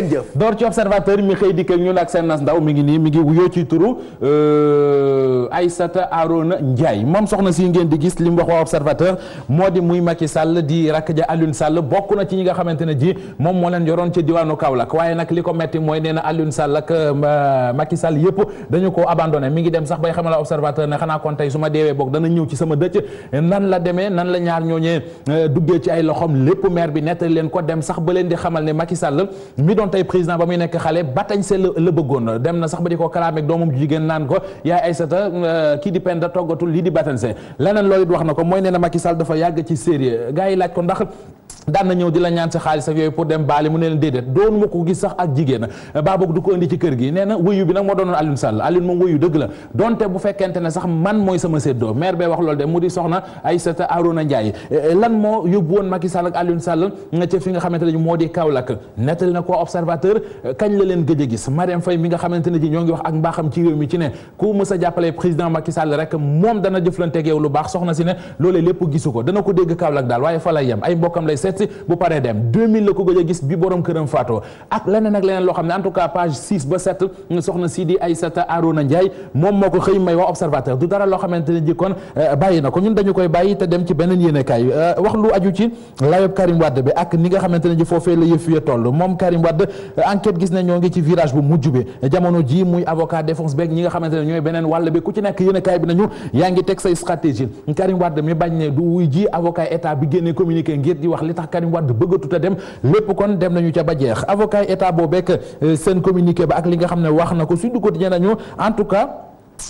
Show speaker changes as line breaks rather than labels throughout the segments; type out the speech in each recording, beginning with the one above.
ngeen jëf door ci observateur mi xëy dikk ak ñun ak seen nas ndaw mi ngi nii mi ngi wuyoo ci turu euh, Aïssata Arona Ndiaye moom soxna si ngeen di gis li mu wax waa observateur moo di muy Macky Sall di rakk ja Alioune sàll bokk na ci ñi nga xamante ne ji moom moo leen yoroon ca diwaanu Kaolack waaye nag li ko metti mooy nee na Alioune Sall ak euh, Macky Sall yëpp dañu ko abandonné mi ngi dem sax bay xamal observateur ne xanaa kon tey su ma deewee boog dana ñëw ci sama dëcc nan la demee nan la ñaar ñooñee euh, duggee ci ay loxoom lépp maire bi nettali leen ko dem sax ba leen di xamal ne Macky Sall tey président ba muy nekk xale batañ se la bëggoon dem na sax ba di ko kalaameeg doomam jigéen naan ko yaay Aysata euh, kii di Penda toggatul lii di batañ leneen loolu it wax na ko mooy nee na Macky Sall dafa yàgg ci sérieux gars yi laaj ko ndax daan na ñëw di la ñaan sa xaalis ak yooyu pour dem baali mu ne leen déedéet doon ma ko gis sax ak jigéen baa boog du ko indi ci kër gi nee na wuyu bi nag moo doonoon Alioune Sall Alioune moom wuyu dëgg la donte bu fekkente ne eh, lan moo yóbbu woon Macky Sall ak Alioune Sall ca fi nga xamante ne moo di Kaolack nettali na ko observateur kañ la leen gëj a gis Mariam Faye mi nga xamante ne ji ñoo ngi wax ak mbaaxam ci réew mi ci ne ku mës a jàppale président seet bu paree dem la ko gëj a gis bi borom këram faatoo ak leneen ak leneen loo xam ne en page 6 ba 7 soxna si di Aïssata Arona Ndiaye moom moo ko xëy may waa observateur du dara loo xamante ji kon euh, bàyyi na ko ñun dañu koy bàyyi te dem ci beneen yéenekaay euh, wax lu aju ci layob Karim Wade bi ak ni nga xamante ji foofee la toll moom Karim Wade euh, enquête gis ne ñoo ngi ci virage bu mujj bi jamono ji muy avocat défense beeg ñi nga xamante ne li tax Karim Wade bëggatut a dem lépp kon dem nañu ca ba jeex avocat état boo bekk euh, seen communiqué ba ak li nga xam ne wax na ko Sud Quotidien nañu en tout cas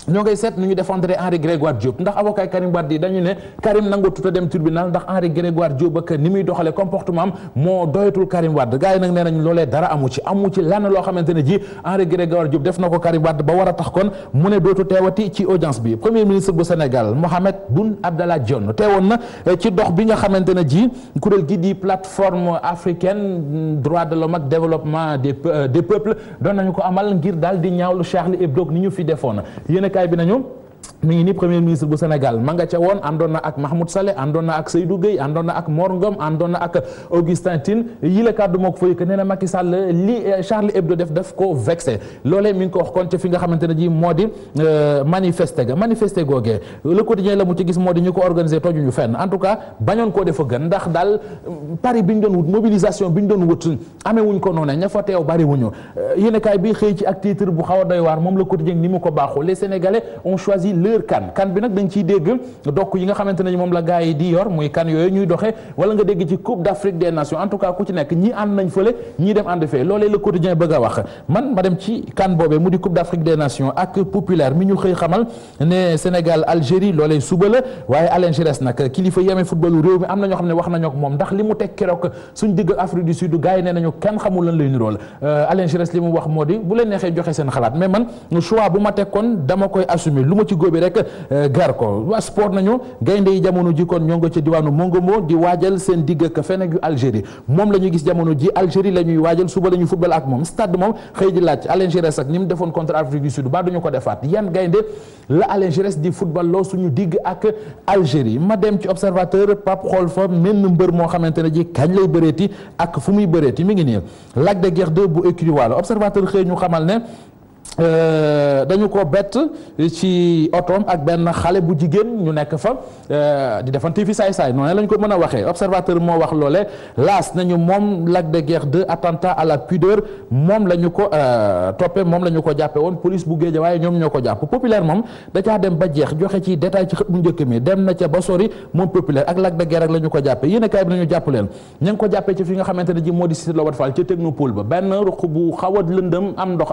Nous ngay seet nu ñu défendre Henri Grégoire Diop ndax avocat Karim Wade yi dañu ne Karim nangu tuta dem tribunal ndax Henri Grégoire Diop ak ni muy doxalee comportement am doyatul Karim Wade gars yi nag nañ dara amu ci amu ci lan loo xamante ne ji Henri Grégoire Diop def Karim Wade ba war tax kon mu ci audience bi premier ministre du Sénégal Mohamed Boun Abdallah Dionne teewoon na eh, ci dox bi nga xamante ne ji gi di plateforme africaine droit de l'homme développement euh, des peuples doon nañu ko amal ngir daal di ñaawlu Charlie Hebdo ni ñu fi yéenekaay bi nañu mi ngi ni premier ministre bu Sénégal ma nga ca woon àndoon na ak Mahmoud Saleh àndoon na ak Seydou Gueye àndoon na ak Mor Ngom àndoon na ak Augustin Tine yi la kàddu moo ko fay que nee na li eh, Charlie Hebdo def def ko vexé loolee mi ngi ko wax kon eh, fenn en tout cas bañoon koo defa gën ndax daal mm, pari bi ñu doon wut mobilisation bi ñu doon wut amee wuñ ko noonu ña fa teew bari wuñu a eh, kaay bi xëy ci ak titre bu xaw a doy waar moom le quotidien di leur kan kan bi nag dañ ciy dégg dokk yi nga xamante ne moom la gars yi di yor muy kan yooyu ñuy doxee wala nga dégg ci coupe d' afrique des en tout cas ku ci nekk ñi ànd nañ fële ñii dem ànd fee loolee le quotidien bëgg a wax man ma dem ci kan boobee mu di coupe d' afrique des ak populaire mi ñu xëy xamal ne sénégal algérie loolee suba la waaye Alain Giresse nag kilifa yemee footballu réew mi am na ñoo xam ne wax nañoo ak moom ndax li mu góobi rek eh, gar ko wa sport nañu gaynde yi jamono ji kon ñongo ci diwanu Mongomo di waajal sen digg ka fenn ak Algérie mom lañu gis jamono ji Algérie lañuy ñuy suba lañu football ak mom stade mom xëy di laaj Alain ak ni mu contre Afrique du Sud ba duñu ko defat. yan gaynde la Alain di football lo suñu digg ak Algérie ma dem ci observateur Pap xool fa menn mo moo xamante ji kañ lay bëreeti ak fu muy bëreeti mi ngi nii Lac de guerre 2 bu écurie observateur xey ñu xamal ne Euh, dañu ko bett ci otoom ak benn xale bu jigéen ñu nekk fa euh, di defante fi saay-saay noonu lañ ko mën a waxee observateur moo wax loole laas nañu moom Lac de Guiers 2 attentat à la pudeur moom la ñu ko euh, toppe moom la ñu ko jàppe woon police bu géej waaye ñoom ñoo ko jàpp populaire moom da caa dem ba jeex joxe ci détail ci xët bu njëkk mi dem na ca ba sori moom populaire ak Lac de Guiers ak la ñu ko jàppe yéen a kaay bi nañu jàpp leen ña ko jàppee ci fi nga xamante ne ji moo di Cité Lobate Fall ca technopole ba benn ruq bu xaw a lëndëm am ndox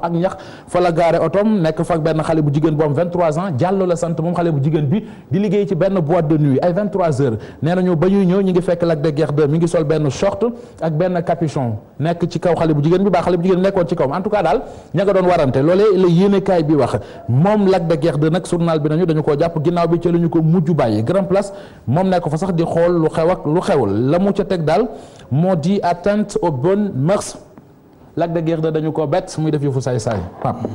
la et otom n'est fak benn xale bu jigen bu 23 ans Diallo la sante mom xale bu jigen bi di liggéey ci ben boîte de nuit ay 23 heures n'est bañuy ba ñi ngi fekk lak de miguel 2 mi ngi sol ben short ak ben capuchon n'est ci kaw xale bu jigen bi ba xale bu jigen ci kaw en tout cas dal ñaga doon warante le yene kay bi wax mom lak de Guiers 2 de journal bi nañu dañu ko japp ginnaw bi ci luñu ko muju baye grand place mom nekk fa sax di xol lu xew ak lu xewul la ci tek maudit modi atteinte aux bonnes mœurs Lac de Guiers dañu ko bett muy def yëfu saay saay Pape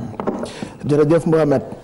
jërëjëf Mohamed